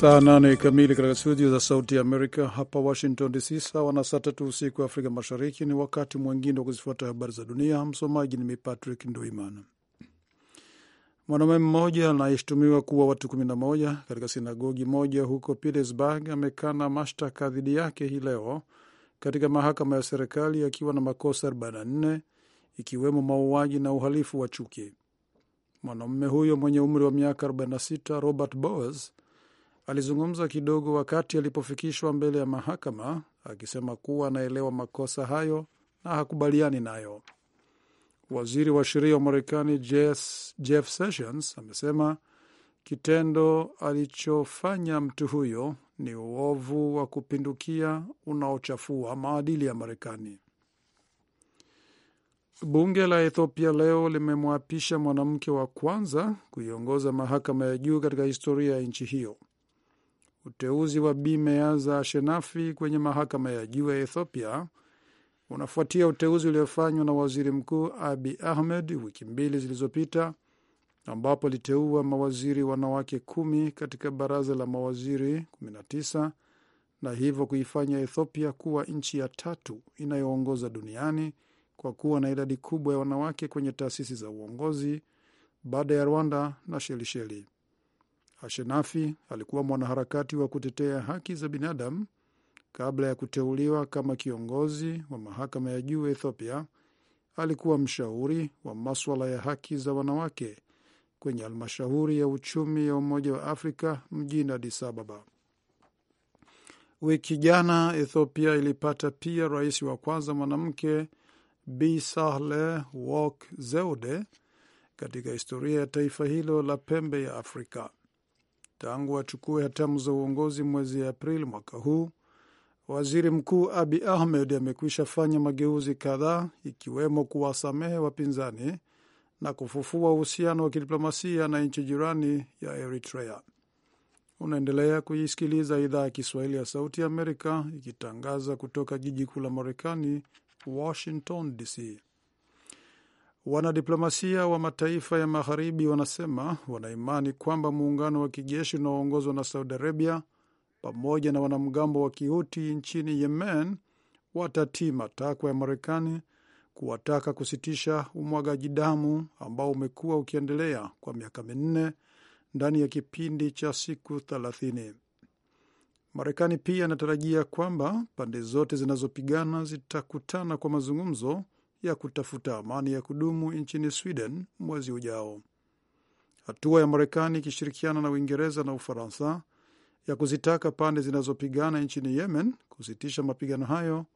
Saa nane kamili katika studio za Sauti ya Amerika hapa Washington DC, sawa na saa tatu usiku wa Afrika Mashariki. Ni wakati mwingine wa kuzifuata habari za dunia. Msomaji ni Patrick Nduimana. Mwanaume mmoja anayeshutumiwa kuwa watu 11 katika sinagogi moja huko petersburg amekana mashtaka dhidi yake hii leo katika mahakama ya serikali akiwa na makosa 44 ikiwemo mauaji na uhalifu wa chuki. mwanaume huyo mwenye umri wa miaka 46 Robert Bowers alizungumza kidogo wakati alipofikishwa mbele ya mahakama akisema kuwa anaelewa makosa hayo na hakubaliani nayo. Waziri wa sheria wa Marekani Jeff Sessions amesema kitendo alichofanya mtu huyo ni uovu wa kupindukia unaochafua maadili ya Marekani. Bunge la Ethiopia leo limemwapisha mwanamke wa kwanza kuiongoza mahakama ya juu katika historia ya nchi hiyo. Uteuzi wa Bi Meaza Shenafi kwenye mahakama ya juu ya Ethiopia unafuatia uteuzi uliofanywa na waziri mkuu Abi Ahmed wiki mbili zilizopita, ambapo aliteua mawaziri wanawake kumi katika baraza la mawaziri 19 na hivyo kuifanya Ethiopia kuwa nchi ya tatu inayoongoza duniani kwa kuwa na idadi kubwa ya wanawake kwenye taasisi za uongozi baada ya Rwanda na Shelisheli. Ashenafi alikuwa mwanaharakati wa kutetea haki za binadamu kabla ya kuteuliwa kama kiongozi wa mahakama ya juu Ethiopia. Alikuwa mshauri wa maswala ya haki za wanawake kwenye halmashauri ya uchumi ya Umoja wa Afrika mjini Addis Ababa. Wiki jana Ethiopia ilipata pia rais wa kwanza mwanamke Bi Sahle Work Zewde katika historia ya taifa hilo la pembe ya Afrika tangu achukue hatamu za uongozi mwezi Aprili mwaka huu. Waziri Mkuu Abi Ahmed amekwisha fanya mageuzi kadhaa ikiwemo kuwasamehe wapinzani na kufufua uhusiano wa kidiplomasia na nchi jirani ya Eritrea. Unaendelea kuisikiliza idhaa ya Kiswahili ya Sauti ya Amerika ikitangaza kutoka jiji kuu la Marekani, Washington DC. Wanadiplomasia wa mataifa ya magharibi wanasema wanaimani kwamba muungano wa kijeshi unaoongozwa na Saudi Arabia pamoja na wanamgambo wa kihuti nchini Yemen watatii matakwa ya Marekani kuwataka kusitisha umwagaji damu ambao umekuwa ukiendelea kwa miaka minne ndani ya kipindi cha siku thelathini. Marekani pia anatarajia kwamba pande zote zinazopigana zitakutana kwa mazungumzo ya kutafuta amani ya kudumu nchini Sweden mwezi ujao. Hatua ya Marekani ikishirikiana na Uingereza na Ufaransa ya kuzitaka pande zinazopigana nchini Yemen kusitisha mapigano hayo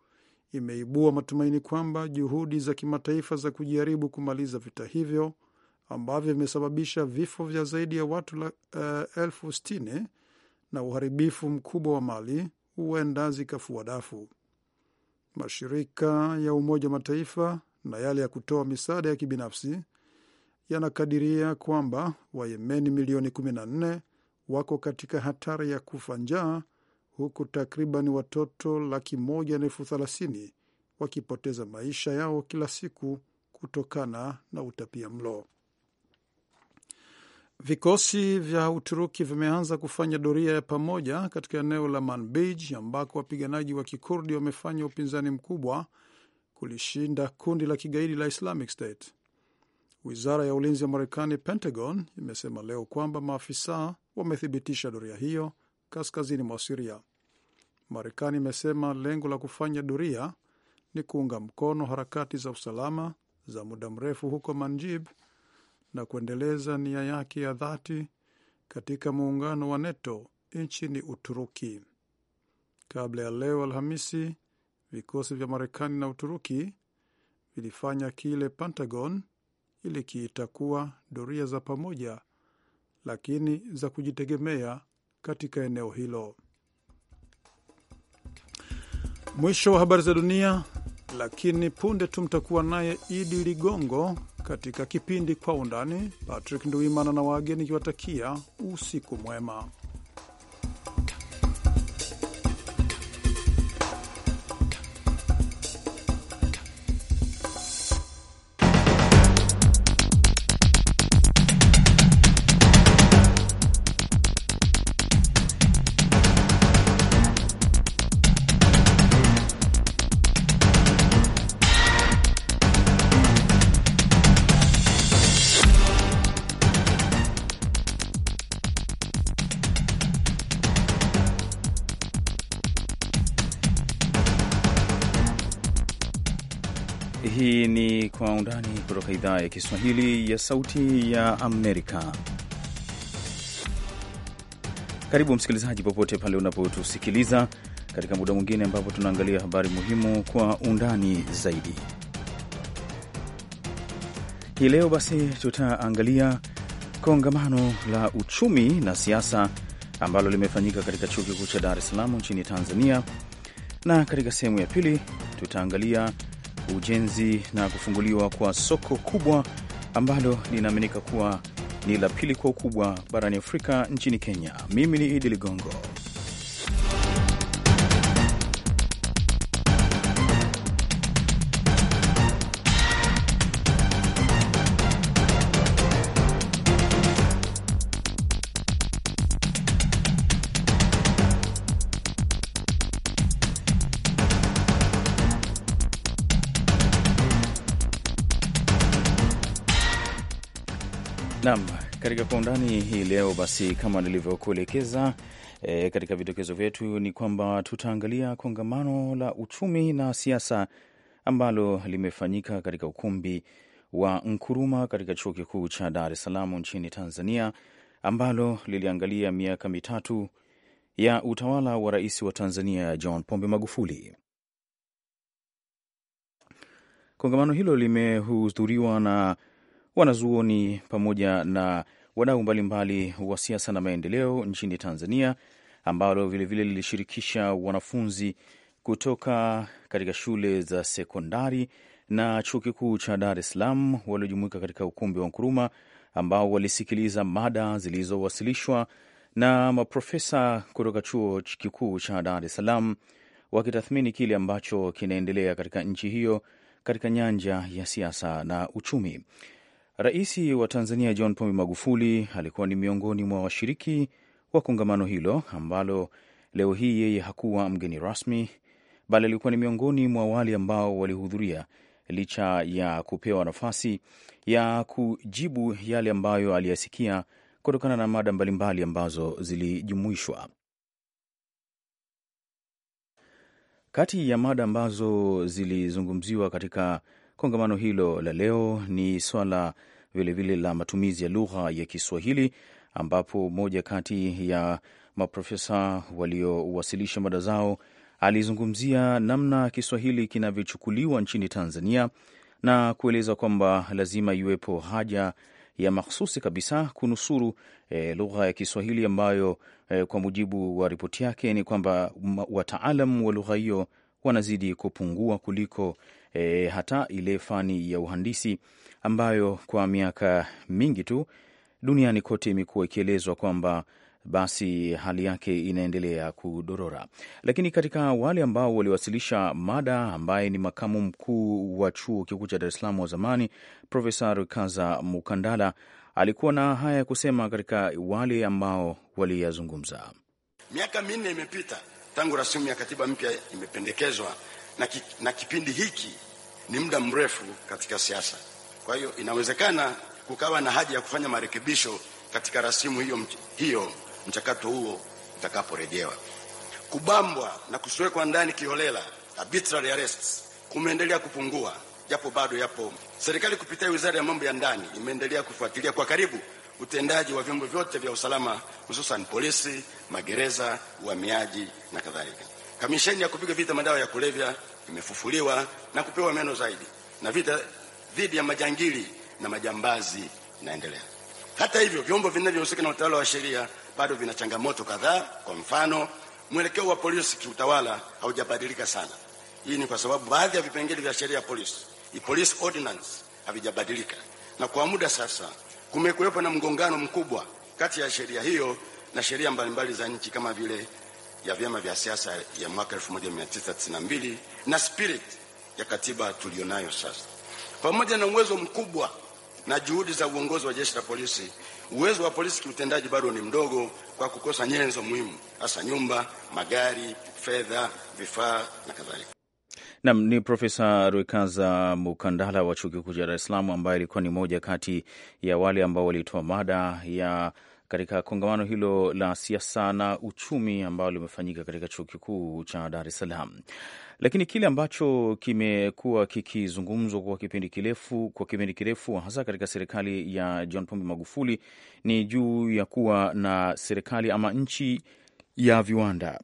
imeibua matumaini kwamba juhudi za kimataifa za kujaribu kumaliza vita hivyo ambavyo vimesababisha vifo vya zaidi ya watu uh, elfu sitini na uharibifu mkubwa wa mali huenda zikafua dafu mashirika ya Umoja wa Mataifa na yale ya kutoa misaada ya kibinafsi yanakadiria kwamba Wayemeni milioni 14 wako katika hatari ya kufa njaa huku takriban watoto laki moja na elfu thelathini wakipoteza maisha yao kila siku kutokana na utapia mlo. Vikosi vya Uturuki vimeanza kufanya doria ya pamoja katika eneo la Manbij ambako wapiganaji wa Kikurdi wamefanya upinzani mkubwa kulishinda kundi la kigaidi la Islamic State. Wizara ya ulinzi ya Marekani, Pentagon, imesema leo kwamba maafisa wamethibitisha doria hiyo kaskazini mwa Siria. Marekani imesema lengo la kufanya doria ni kuunga mkono harakati za usalama za muda mrefu huko Manjib na kuendeleza nia yake ya dhati katika muungano wa NATO nchini Uturuki. Kabla ya leo Alhamisi, vikosi vya Marekani na Uturuki vilifanya kile Pentagon ilikiita kuwa doria za pamoja, lakini za kujitegemea katika eneo hilo. Mwisho wa habari za dunia, lakini punde tu mtakuwa naye Idi Ligongo katika kipindi Kwa Undani. Patrick Nduimana na wageni kiwatakia usiku mwema. idhaa ya Kiswahili ya Sauti ya Amerika. Karibu msikilizaji, popote pale unapotusikiliza katika muda mwingine ambapo tunaangalia habari muhimu kwa undani zaidi. Hii leo basi tutaangalia kongamano la uchumi na siasa ambalo limefanyika katika chuo kikuu cha Dar es Salaam nchini Tanzania, na katika sehemu ya pili tutaangalia ujenzi na kufunguliwa kwa soko kubwa ambalo linaaminika kuwa ni la pili kwa ukubwa barani Afrika nchini Kenya. Mimi ni Idi Ligongo. katika kwa undani hii leo, basi kama nilivyokuelekeza e, katika vidokezo vyetu ni kwamba tutaangalia kongamano la uchumi na siasa ambalo limefanyika katika ukumbi wa Nkuruma katika chuo kikuu cha Dar es Salaam nchini Tanzania, ambalo liliangalia miaka mitatu ya utawala wa rais wa Tanzania John Pombe Magufuli. Kongamano hilo limehudhuriwa na wanazuoni pamoja na wadau mbalimbali wa siasa na maendeleo nchini Tanzania, ambalo vilevile lilishirikisha wanafunzi kutoka katika shule za sekondari na chuo kikuu cha Dar es Salaam waliojumuika katika ukumbi wa Nkuruma ambao walisikiliza mada zilizowasilishwa na maprofesa kutoka chuo kikuu cha Dar es Salaam wakitathmini kile ambacho kinaendelea katika nchi hiyo katika nyanja ya siasa na uchumi. Rais wa Tanzania John Pombe Magufuli alikuwa ni miongoni mwa washiriki wa kongamano hilo ambalo leo hii yeye hakuwa mgeni rasmi, bali alikuwa ni miongoni mwa wale ambao walihudhuria licha ya kupewa nafasi ya kujibu yale ambayo aliyasikia kutokana na mada mbalimbali ambazo zilijumuishwa. Kati ya mada ambazo zilizungumziwa katika kongamano hilo la leo ni swala vilevile la matumizi ya lugha ya Kiswahili, ambapo moja kati ya maprofesa waliowasilisha mada zao alizungumzia namna Kiswahili kinavyochukuliwa nchini Tanzania na kueleza kwamba lazima iwepo haja ya mahsusi kabisa kunusuru e, lugha ya Kiswahili ambayo e, kwa mujibu wa ripoti yake ni kwamba wataalam wa lugha hiyo wanazidi kupungua kuliko e, hata ile fani ya uhandisi ambayo kwa miaka mingi tu duniani kote imekuwa ikielezwa kwamba basi hali yake inaendelea kudorora. Lakini katika wale ambao waliwasilisha mada, ambaye ni makamu mkuu wa chuo kikuu cha Dar es Salaam wa zamani Profesa Rukaza Mukandala alikuwa na haya ya kusema katika wale ambao waliyazungumza. Miaka minne imepita tangu rasimu ya katiba mpya imependekezwa na, ki, na kipindi hiki ni muda mrefu katika siasa. Kwa hiyo inawezekana kukawa na haja ya kufanya marekebisho katika rasimu hiyo, hiyo mchakato huo utakaporejewa. Kubambwa na kusiwekwa ndani kiholela arbitrary arrests kumeendelea kupungua, japo bado yapo. Serikali kupitia Wizara ya Mambo ya Ndani imeendelea kufuatilia kwa karibu utendaji wa vyombo vyote vya usalama hususan polisi, magereza, uhamiaji na kadhalika. Kamisheni ya kupiga vita madawa ya kulevya imefufuliwa na kupewa meno zaidi, na vita dhidi ya majangili na majambazi inaendelea. Hata hivyo, vyombo vinavyohusika na utawala wa sheria bado vina changamoto kadhaa. Kwa mfano, mwelekeo wa polisi kiutawala haujabadilika sana. Hii ni kwa sababu baadhi ya vipengele vya sheria ya polisi, police ordinance, havijabadilika na kwa muda sasa kumekuwepo na mgongano mkubwa kati ya sheria hiyo na sheria mbalimbali za nchi kama vile ya vyama vya siasa ya mwaka 1992 na spirit ya katiba tuliyonayo sasa. Pamoja na uwezo mkubwa na juhudi za uongozi wa jeshi la polisi, uwezo wa polisi kiutendaji bado ni mdogo kwa kukosa nyenzo muhimu, hasa nyumba, magari, fedha, vifaa na kadhalika. Nam ni Profesa Rwekaza Mukandala wa chuo kikuu cha Dar es Salaam, ambaye alikuwa ni moja kati ya wale ambao walitoa mada ya katika kongamano hilo la siasa na uchumi ambalo limefanyika katika chuo kikuu cha Dar es Salaam. Lakini kile ambacho kimekuwa kikizungumzwa kwa kipindi kirefu kwa kipindi kirefu hasa katika serikali ya John Pombe Magufuli ni juu ya kuwa na serikali ama nchi ya viwanda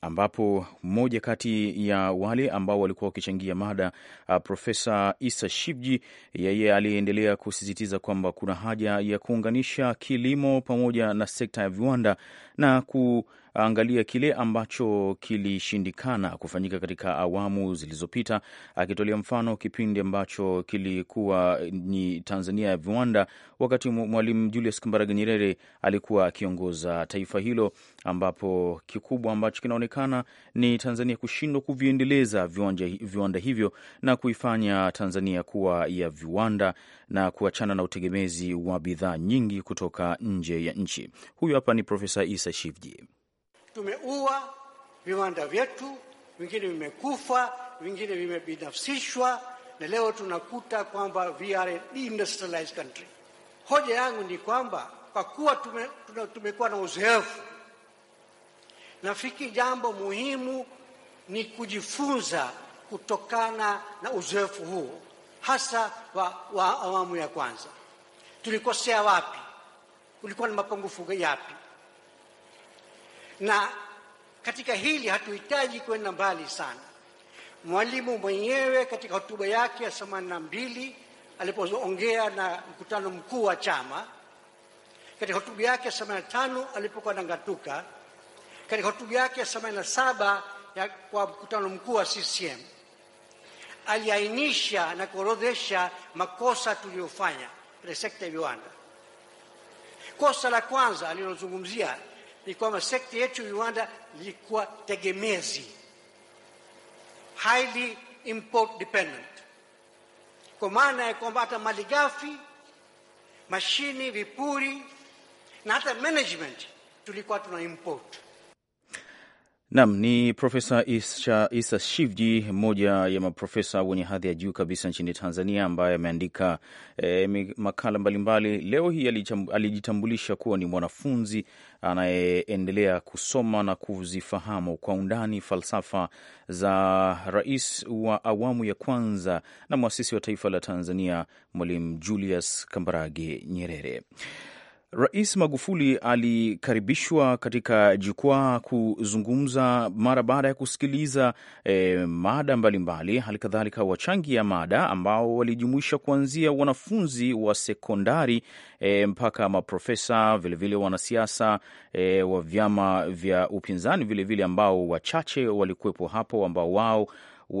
ambapo mmoja kati ya wale ambao walikuwa wakichangia mada uh, Profesa Isa Shivji, yeye aliendelea kusisitiza kwamba kuna haja ya kuunganisha kilimo pamoja na sekta ya viwanda na ku angalia kile ambacho kilishindikana kufanyika katika awamu zilizopita, akitolea mfano kipindi ambacho kilikuwa ni Tanzania ya viwanda, wakati Mwalimu Julius Kambarage Nyerere alikuwa akiongoza taifa hilo, ambapo kikubwa ambacho kinaonekana ni Tanzania kushindwa kuviendeleza viwanja, viwanda hivyo na kuifanya Tanzania kuwa ya viwanda na kuachana na utegemezi wa bidhaa nyingi kutoka nje ya nchi. Huyu hapa ni Profesa Isa Shivji tumeua viwanda vyetu, vingine vimekufa, vingine vimebinafsishwa, na leo tunakuta kwamba we are a deindustrialized country. Hoja yangu ni kwamba kwa kuwa tume, tumekuwa na uzoefu, nafikiri jambo muhimu ni kujifunza kutokana na uzoefu huo, hasa wa, wa awamu ya kwanza. Tulikosea wapi? Kulikuwa na mapungufu yapi? na katika hili hatuhitaji kwenda mbali sana. Mwalimu mwenyewe katika hotuba yake ya themanini na mbili alipoongea na mkutano mkuu wa chama, katika hotuba yake ya themanini na tano alipokuwa Nangatuka, katika hotuba yake ya themanini na saba ya kwa mkutano mkuu wa CCM aliainisha na kuorodhesha makosa tuliyofanya katika sekta ya viwanda. Kosa la kwanza alilozungumzia ni kwamba sekta yetu ya viwanda ilikuwa tegemezi, highly import dependent, kwa maana ya kwamba hata malighafi, mashini, vipuri na hata management tulikuwa tuna import. Nam ni Profesa Isa Shivji, mmoja ya maprofesa wenye hadhi ya juu kabisa nchini Tanzania, ambaye ameandika eh, makala mbalimbali. Leo hii alijitambulisha kuwa ni mwanafunzi anayeendelea kusoma na kuzifahamu kwa undani falsafa za rais wa awamu ya kwanza na mwasisi wa taifa la Tanzania, Mwalimu Julius Kambarage Nyerere. Rais Magufuli alikaribishwa katika jukwaa kuzungumza mara baada ya kusikiliza e, mada mbalimbali, hali kadhalika wachangia mada ambao walijumuisha kuanzia wanafunzi wa sekondari e, mpaka maprofesa, vilevile wanasiasa e, wa vyama vya upinzani vilevile vile ambao wachache walikuwepo hapo ambao wao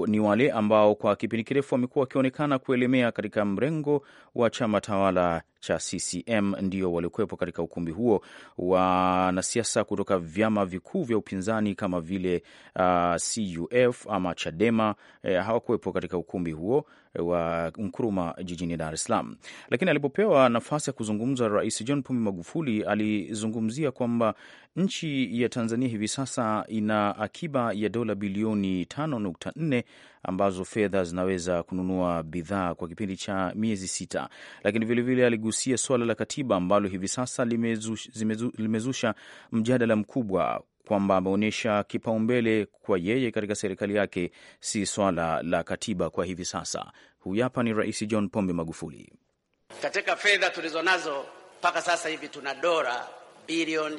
ni wale ambao kwa kipindi kirefu wamekuwa wakionekana kuelemea katika mrengo wa chama tawala cha CCM ndio waliokuwepo katika ukumbi huo. Wanasiasa kutoka vyama vikuu vya upinzani kama vile uh, CUF ama Chadema eh, hawakuwepo katika ukumbi huo eh, wa Nkuruma jijini Dar es Salaam. Lakini alipopewa nafasi ya kuzungumza, Rais John Pombe Magufuli alizungumzia kwamba nchi ya Tanzania hivi sasa ina akiba ya dola bilioni 5.4 ambazo fedha zinaweza kununua bidhaa kwa kipindi cha miezi sita. Lakini vilevile vile aligusia suala la katiba ambalo hivi sasa limezusha, limezusha mjadala mkubwa kwamba ameonyesha kipaumbele kwa yeye katika serikali yake si swala la katiba kwa hivi sasa. Huyu hapa ni Rais John Pombe Magufuli. Katika fedha tulizo nazo mpaka sasa hivi tuna dola bilioni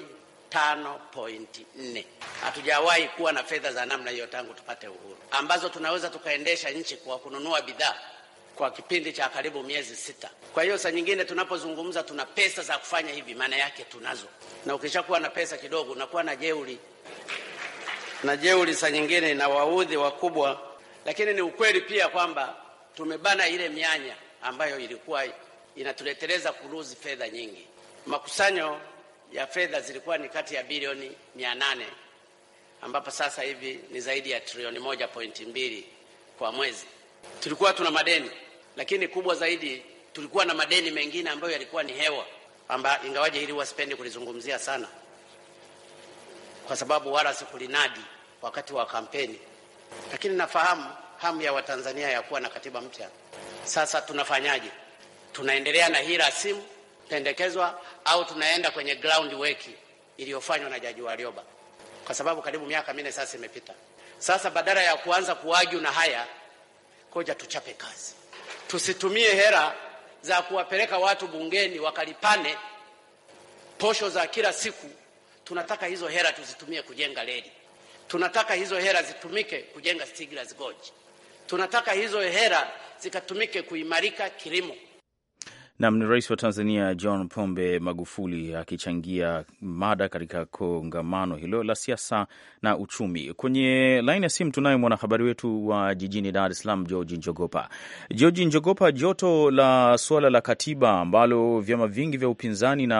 5.4. Hatujawahi kuwa na fedha za namna hiyo tangu tupate uhuru, ambazo tunaweza tukaendesha nchi kwa kununua bidhaa kwa kipindi cha karibu miezi sita. Kwa hiyo saa nyingine tunapozungumza tuna pesa za kufanya hivi, maana yake tunazo, na ukishakuwa na pesa kidogo unakuwa na jeuri na jeuri saa nyingine na waudhi wakubwa, lakini ni ukweli pia kwamba tumebana ile mianya ambayo ilikuwa inatuleteleza kuruzi fedha nyingi makusanyo ya fedha zilikuwa ni kati ya bilioni nane ambapo sasa hivi ni zaidi ya trilioni moja pointi mbili kwa mwezi. Tulikuwa tuna madeni, lakini kubwa zaidi tulikuwa na madeni mengine ambayo yalikuwa ni hewa, amba ingawaje hili wasipendi kulizungumzia sana, kwa sababu wala sikulinadi wakati wa kampeni, lakini nafahamu hamu ya Watanzania ya kuwa na katiba mpya. Sasa tunafanyaje? Tunaendelea na hii rasimu pendekezwa au tunaenda kwenye ground work iliyofanywa na Jaji Warioba, kwa sababu karibu miaka minne sasa imepita. Sasa badala ya kuanza kuwaju na haya, koja tuchape kazi, tusitumie hela za kuwapeleka watu bungeni wakalipane posho za kila siku. Tunataka hizo hela tuzitumie kujenga reli, tunataka hizo hela zitumike kujenga Stiglas Gorge, tunataka hizo hela zikatumike kuimarika kilimo. Nam ni rais wa Tanzania John Pombe Magufuli akichangia mada katika kongamano hilo la siasa na uchumi. Kwenye laini ya simu tunaye mwanahabari wetu wa jijini Dar es Salaam, Georgi Njogopa. Georgi Njogopa, joto la suala la katiba ambalo vyama vingi vya upinzani na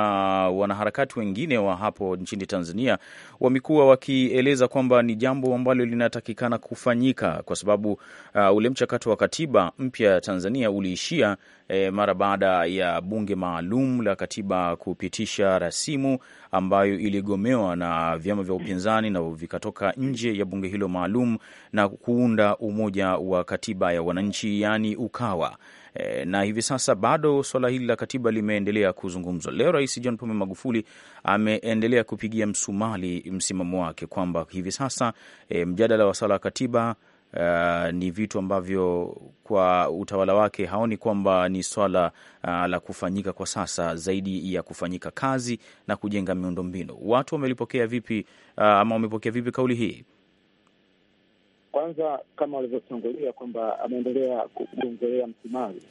wanaharakati wengine wa hapo nchini Tanzania wamekuwa wakieleza kwamba ni jambo ambalo linatakikana kufanyika kwa sababu uh, ule mchakato wa katiba mpya ya Tanzania uliishia e, mara baada ya bunge maalum la katiba kupitisha rasimu ambayo iligomewa na vyama vya upinzani na vikatoka nje ya bunge hilo maalum na kuunda Umoja wa Katiba ya Wananchi, yani Ukawa e, na hivi sasa bado swala hili la katiba limeendelea kuzungumzwa. Leo Rais John Pombe Magufuli ameendelea kupigia msumali msimamo wake kwamba hivi sasa e, mjadala wa swala la katiba Uh, ni vitu ambavyo kwa utawala wake haoni kwamba ni swala uh, la kufanyika kwa sasa, zaidi ya kufanyika kazi na kujenga miundombinu. Watu wamelipokea vipi uh, ama wamepokea vipi kauli hii? Kwanza kama walivyotangulia kwamba ameendelea kugongelea msumari,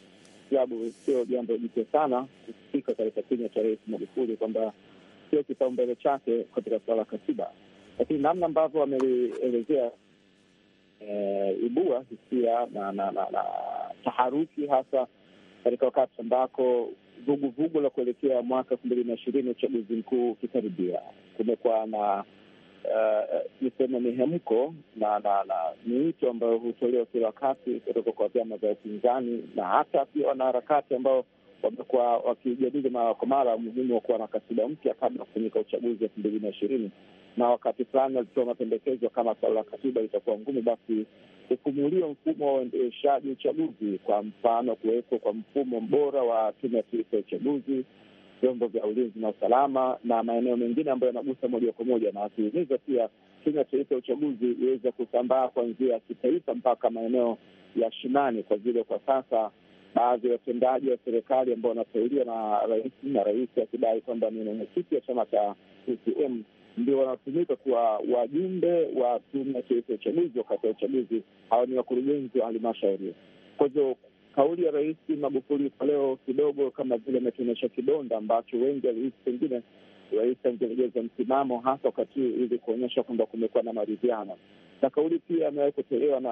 sababu sio jambo jipya sana kufika katika kinywa cha Rais Magufuli kwamba sio kipaumbele chake katika suala la katiba, lakini namna ambavyo amelielezea eh, ibua hisia na, na, na, na taharuki hasa katika wakati ambako vuguvugu la kuelekea mwaka elfu mbili na ishirini uchaguzi mkuu ukikaribia, kumekuwa na eh, niseme uh, mihemko na na na miito ambayo hutolewa kila wakati kutoka kwa vyama vya upinzani na hata pia wanaharakati ambao wamekuwa wakijadili mara kwa mara umuhimu wa kuwa na katiba mpya kabla ya kufanyika uchaguzi elfu mbili na ishirini na wakati fulani walitoa mapendekezo kama swala la katiba litakuwa ngumu, basi ufumuliwe mfumo wa uendeshaji uchaguzi, kwa mfano kuwekwa kwa mfumo bora wa tume ya taifa ya uchaguzi, vyombo vya ulinzi na usalama na maeneo mengine ambayo yanagusa moja kwa moja, na wakihimiza pia tume ya taifa ya uchaguzi iweze kusambaa kwa njia ya kitaifa mpaka maeneo ya shinani, kwa vile kwa sasa baadhi ya watendaji wa serikali ambao wanateuliwa na rais na rais akidai kwamba ni mwenyekiti wa chama cha CCM ndio wanatumika kuwa wajumbe wa tume ya uchaguzi wakati wa uchaguzi. Hawa ni wakurugenzi wa halmashauri. Kwa hivyo kauli ya Rais Magufuli kwa leo kidogo kama vile ametuonyesha kidonda ambacho wengi walihisi pengine rais angelegeza msimamo hasa wakati huu ili kuonyesha kwamba kumekuwa na maridhiano, na kauli pia amewahi kutolewa na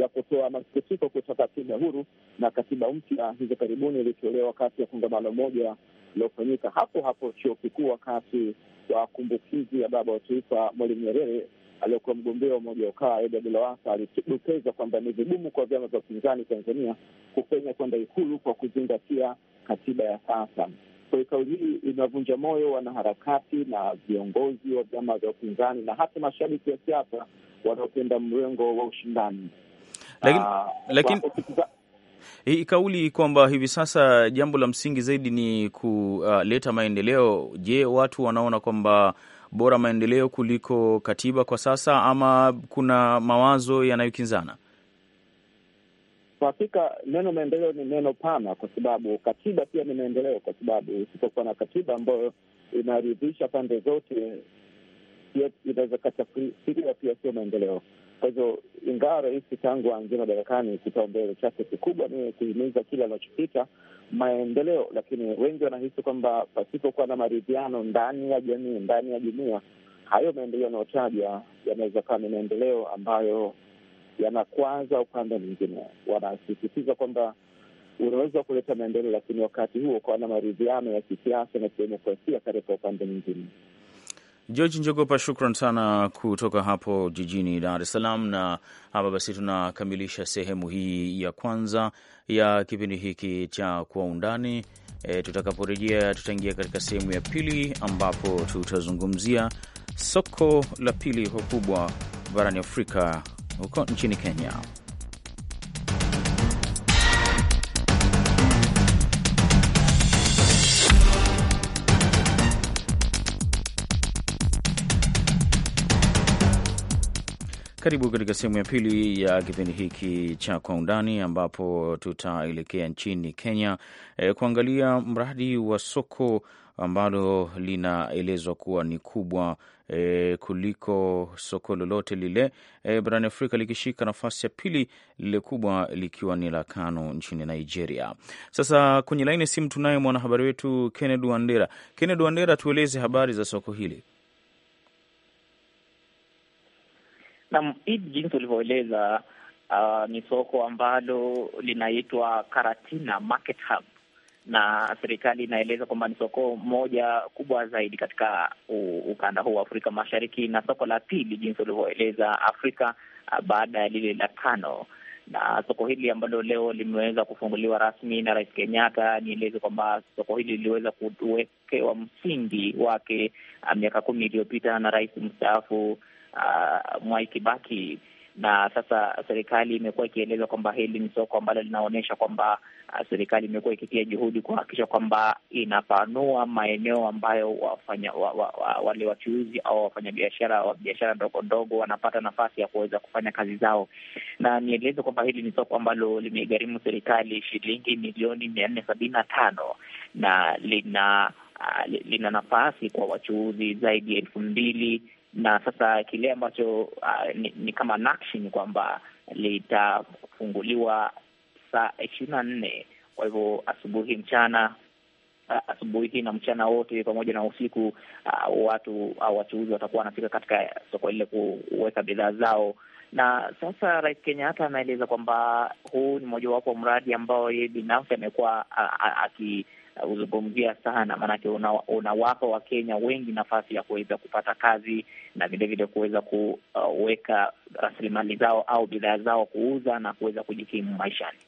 ya kutoa masikitiko kutoka tume huru na katiba mpya hizo karibuni ilitolewa wakati ya kongamano moja lilofanyika hapo hapo chuo kikuu wakati wa kumbukizi ya baba wa taifa Mwalimu Nyerere aliyokuwa mgombea wa umoja wa UKAWA Edward Lowassa alidokeza kwamba ni vigumu kwa vyama vya upinzani Tanzania kupenya kwenda Ikulu kwa kuzingatia katiba ya sasa. Kwa hiyo kauli hii inavunja moyo wanaharakati na viongozi wa vyama vya upinzani na hata mashabiki wa siasa wanaopenda mrengo wa ushindani. Lakini, uh, lakini hii kauli kwamba hivi sasa jambo la msingi zaidi ni kuleta maendeleo. Je, watu wanaona kwamba bora maendeleo kuliko katiba kwa sasa, ama kuna mawazo yanayokinzana? Kwa hakika neno maendeleo ni neno pana, kwa sababu katiba pia ni maendeleo, kwa sababu isipokuwa na katiba ambayo inaridhisha pande zote, inaweza katafsiriwa pia sio maendeleo. Kwa hivyo, ingawa rais tangu aingia madarakani, kipaumbele chake kikubwa ni kuhimiza kile anachokita maendeleo, lakini wengi wanahisi kwamba pasipokuwa na maridhiano ndani ya jamii, ndani ya jumuia, hayo maendeleo yanayotaja yanaweza kuwa ni maendeleo ambayo yanakwaza upande mwingine. Wanasisitiza kwamba unaweza kuleta maendeleo, lakini wakati huo ukawa na maridhiano ya kisiasa na kidemokrasia katika upande mwingine. George Njogopa, shukran sana kutoka hapo jijini Dar es Salaam. Na hapa basi tunakamilisha sehemu hii ya kwanza ya kipindi hiki cha Kwa Undani. E, tutakaporejea tutaingia katika sehemu ya pili ambapo tutazungumzia soko la pili kwa kubwa barani Afrika huko nchini Kenya. Karibu katika sehemu ya pili ya kipindi hiki cha Kwa Undani, ambapo tutaelekea nchini Kenya e, kuangalia mradi wa soko ambalo linaelezwa kuwa ni kubwa e, kuliko soko lolote lile e, barani Afrika, likishika nafasi ya pili, lile kubwa likiwa ni la Kano nchini Nigeria. Sasa kwenye laini ya simu tunaye mwanahabari wetu Kennedy Wandera. Kennedy Wandera, tueleze habari za soko hili. Naam, jinsi ulivyoeleza uh, ni soko ambalo linaitwa Karatina Market Hub na serikali inaeleza kwamba ni soko moja kubwa zaidi katika ukanda huu wa Afrika Mashariki na soko la pili jinsi ulivyoeleza Afrika uh, baada ya lile la Kano. Na soko hili ambalo leo limeweza kufunguliwa rasmi na Rais Kenyatta, nieleze kwamba soko hili liliweza kuwekewa msingi wake uh, miaka kumi iliyopita na rais mstaafu uh, Mwai Kibaki na sasa serikali imekuwa ikieleza kwamba hili ni soko ambalo linaonyesha kwamba uh, serikali imekuwa ikitia juhudi kuhakikisha kwamba inapanua maeneo ambayo wafanya, wa, wa, wa, wale wachuuzi au wafanyabiashara wa biashara ndogo ndogo wanapata nafasi ya kuweza kufanya kazi zao, na nieleze kwamba hili ni soko ambalo limegharimu serikali shilingi milioni mia nne sabini na tano na lina uh, lina nafasi kwa wachuuzi zaidi ya elfu mbili na sasa kile ambacho uh, ni, ni kama nakshi ni kwamba litafunguliwa saa ishirini na nne. Kwa hivyo asubuhi, mchana uh, asubuhi na mchana wote pamoja na usiku uh, watu au uh, wachuuzi watakuwa wanafika katika soko lile kuweka bidhaa zao. Na sasa Rais Kenyatta anaeleza kwamba huu ni mojawapo mradi ambao yeye binafsi amekuwa uh, uh, aki uzungumzia sana, maanake unawapa una Wakenya wengi nafasi ya kuweza kupata kazi na vilevile kuweza kuweka rasilimali zao au bidhaa zao kuuza na kuweza kujikimu maishani.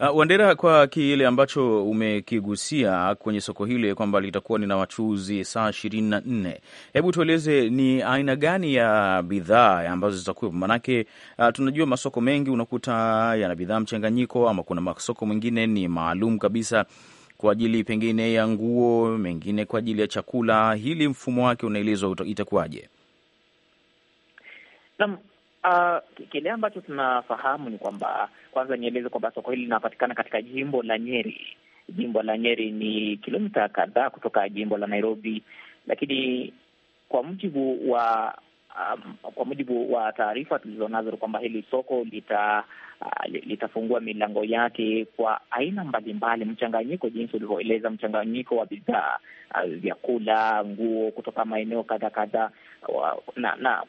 Uh, Wandera, kwa kile ambacho umekigusia kwenye soko hili kwamba litakuwa lina wachuuzi saa ishirini na nne, hebu tueleze ni aina gani ya bidhaa ambazo zitakuwepo? Maanake uh, tunajua masoko mengi unakuta yana bidhaa mchanganyiko, ama kuna masoko mengine ni maalum kabisa kwa ajili pengine ya nguo, mengine kwa ajili ya chakula. Hili mfumo wake unaelezwa itakuwaje? Naam. Uh, kile ambacho tunafahamu ni kwamba, kwanza nieleze kwamba soko hili linapatikana katika jimbo la Nyeri. Jimbo la Nyeri ni kilomita kadhaa kutoka jimbo la Nairobi, lakini kwa mujibu wa um, kwa mujibu wa taarifa tulizonazo kwamba hili soko lita uh, litafungua milango yake kwa aina mbalimbali, mchanganyiko, jinsi ulivyoeleza, mchanganyiko wa bidhaa uh, vyakula, nguo kutoka maeneo kadha kadha, uh, na, na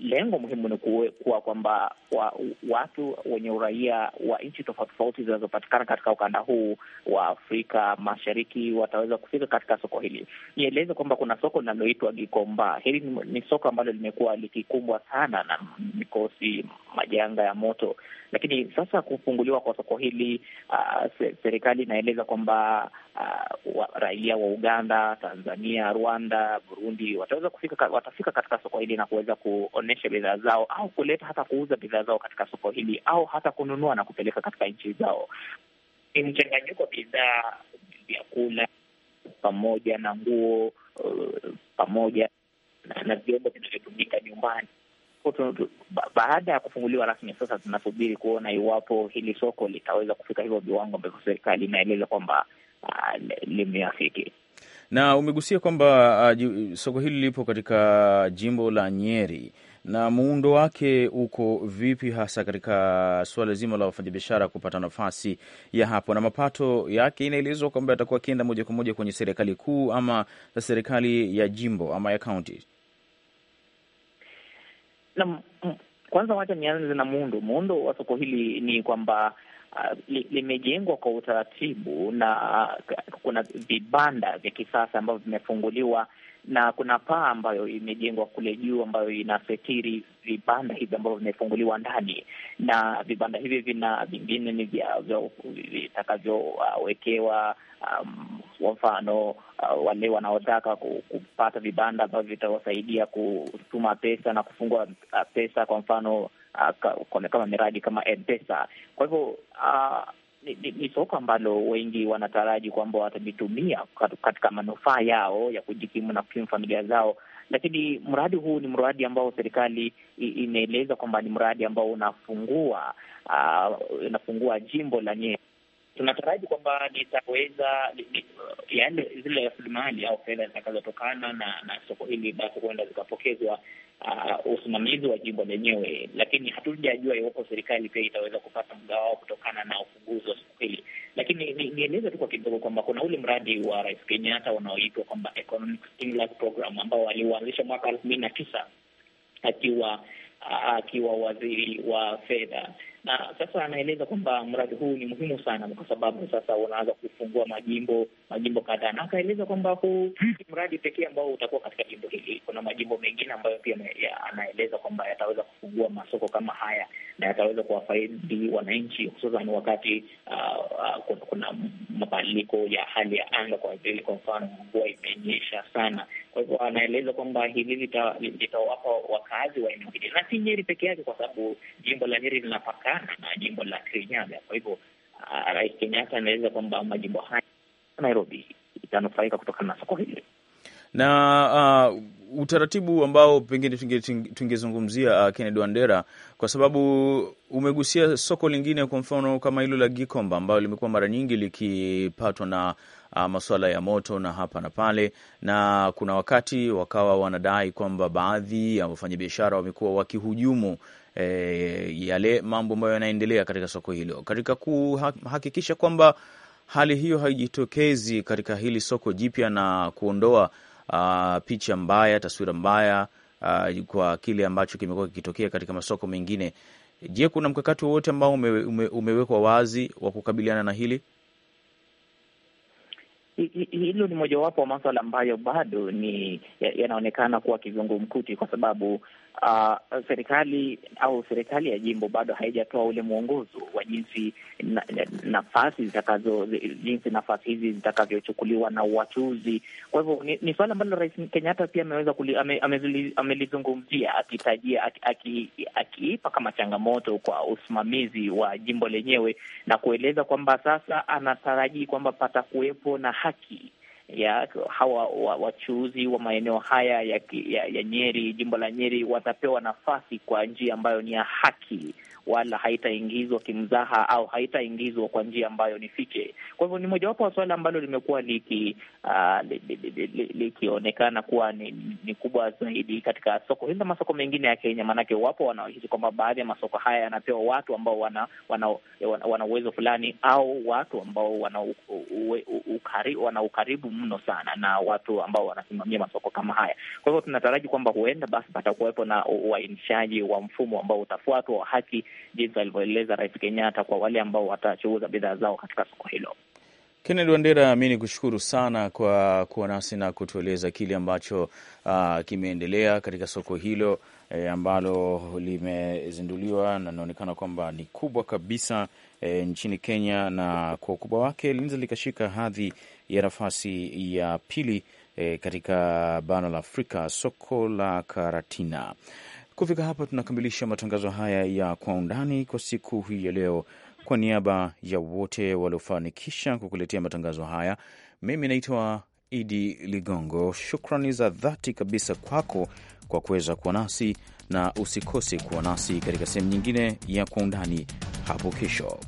lengo muhimu ni kuwa kwamba wa, watu wenye uraia wa nchi tofauti tofauti zinazopatikana katika ukanda huu wa Afrika Mashariki wataweza kufika katika soko hili. Nieleze kwamba kuna soko linaloitwa Gikomba. Hili ni, ni soko ambalo limekuwa likikumbwa sana na mikosi, majanga ya moto, lakini sasa kufunguliwa kwa soko hili uh, serikali inaeleza kwamba uh, raia wa Uganda, Tanzania, Rwanda, Burundi wataweza kufika, watafika katika soko hili na kuweza ku kuonyesha bidhaa zao au kuleta hata kuuza bidhaa zao katika soko hili au hata kununua na kupeleka katika nchi zao. Ni mchanganyiko wa bidhaa, vyakula pamoja na nguo uh, pamoja na vyombo vinavyotumika nyumbani. Baada ya kufunguliwa rasmi sasa, tunasubiri kuona iwapo hili soko litaweza kufika hivyo viwango ambavyo serikali inaeleza kwamba uh, limeafiki. Na umegusia kwamba ah, soko hili lipo katika jimbo la Nyeri na muundo wake uko vipi hasa katika suala zima la wafanyabiashara kupata nafasi ya hapo, na mapato yake inaelezwa kwamba yatakuwa akienda moja kwa moja kwenye serikali kuu ama serikali ya jimbo ama ya kaunti. kwanza wacha nianze na muundo. Muundo wa soko hili ni kwamba Uh, limejengwa li kwa utaratibu na uh, kuna vibanda vya kisasa ambavyo vimefunguliwa na kuna paa ambayo imejengwa kule juu ambayo inasitiri vibanda hivi ambavyo vimefunguliwa ndani, na vibanda hivi vina vingine ni vitakavyowekewa um, kwa mfano uh, wale wanaotaka kupata vibanda ambavyo vitawasaidia kutuma pesa na kufungua uh, pesa, kwa mfano Ah, kama miradi kama Mpesa. Kwa hivyo uh, ni, ni, ni soko ambalo wengi wanataraji kwamba watalitumia katika manufaa yao ya kujikimu na kukimu familia zao, lakini mradi huu ni mradi ambao serikali imeeleza kwamba ni mradi ambao unafungua uh, unafungua jimbo la Nyeri tunataraji kwamba nitaweza uh, yaani, zile rasilimali au fedha zitakazotokana na na soko hili basi huenda zikapokezwa uh, usimamizi wa jimbo lenyewe, lakini hatujajua iwapo serikali pia itaweza kupata mgawao kutokana na ufunguzi wa soko hili. Lakini nieleze tu kwa kidogo kwamba kuna ule mradi wa Rais Kenyatta unaoitwa kwamba Economic Stimulus Program ambao aliuanzisha mwaka elfu mbili na tisa akiwa uh, akiwa waziri wa fedha na sasa anaeleza kwamba mradi huu ni muhimu sana, kwa sababu sasa unaanza kufungua majimbo majimbo kadhaa, na akaeleza kwamba huu mradi pekee ambao utakuwa katika jimbo hili. Kuna majimbo mengine ambayo pia anaeleza kwamba yataweza kufungua masoko kama haya na yataweza kuwafaidi wananchi, hususan wakati uh, uh, kuna mabadiliko ya hali ya anga, kwa vile kwa mfano mvua imenyesha sana. Kwa hivyo anaeleza kwamba hili litawapa wakazi wa eneo hili, na si Nyeri peke yake, kwa sababu jimbo la Nyeri linapakana na jimbo la Kirinyaga. Kwa hivyo ah, Rais Kenyatta anaeleza kwamba majimbo haya Nairobi itanufaika kutokana na soko hili na uh, utaratibu ambao pengine tungezungumzia uh, Kennedy Wandera, kwa sababu umegusia soko lingine, kwa mfano kama hilo la Gikomba ambayo limekuwa mara nyingi likipatwa na uh, masuala ya moto na hapa na pale, na kuna wakati wakawa wanadai kwamba baadhi ya wafanyabiashara wamekuwa wakihujumu eh, yale mambo ambayo yanaendelea katika soko hilo katika kuhakikisha kwamba hali hiyo haijitokezi katika hili soko jipya na kuondoa uh, picha mbaya, taswira mbaya uh, kwa kile ambacho kimekuwa kikitokea katika masoko mengine. Je, kuna mkakati wowote ambao ume, ume, umewekwa wazi wa kukabiliana na hili? Hilo ni mojawapo wa maswala ambayo bado ni yanaonekana kuwa kizungumkuti, kwa sababu uh, serikali au serikali ya jimbo bado haijatoa ule mwongozo wa jinsi na, nafasi zitakazo jinsi nafasi hizi zitakavyochukuliwa na uwachuzi. Kwa hivyo ni, ni suala ambalo Rais Kenyatta pia ameweza amelizungumzia ame, akitajia akiipa aki, aki, kama changamoto kwa usimamizi wa jimbo lenyewe na kueleza kwamba sasa anatarajii kwamba patakuwepo na haki ya hawa wachuuzi wa, wa maeneo haya ya, ya, ya Nyeri, jimbo la Nyeri, watapewa nafasi kwa njia ambayo ni ya haki, wala haitaingizwa kimzaha au haitaingizwa kwa njia ambayo ni fiche. Kwa hivyo ni mojawapo wa suala ambalo limekuwa likionekana uh, li, li, li, li, li kuwa ni, ni kubwa zaidi katika soko hili na masoko mengine ya Kenya, maanake wapo wanaohisi kwamba baadhi ya masoko haya yanapewa watu ambao wana wana uwezo wana, uwezo fulani au watu ambao wana ukaribu mno sana na watu ambao wanasimamia masoko kama haya. Kwa hivyo tunataraji kwamba huenda basi patakuwepo na uainishaji wa mfumo ambao utafuatwa wa haki, jinsi alivyoeleza Rais Kenyatta kwa wale ambao watachuuza bidhaa zao katika soko hilo. Kennedy Wandera, mi ni kushukuru sana kwa kuwa nasi na kutueleza kile ambacho uh, kimeendelea katika soko hilo e, ambalo limezinduliwa na inaonekana kwamba ni kubwa kabisa e, nchini Kenya, na kwa ukubwa wake linaweza likashika hadhi ya nafasi ya pili e, katika bara la Afrika, soko la Karatina. Kufika hapa, tunakamilisha matangazo haya ya kwa undani kwa siku hii ya leo. Kwa niaba ya wote waliofanikisha kukuletea matangazo haya, mimi naitwa Idi Ligongo, shukrani za dhati kabisa kwako kwa kuweza kuwa nasi, na usikose kuwa nasi katika sehemu nyingine ya Kwa Undani hapo kesho.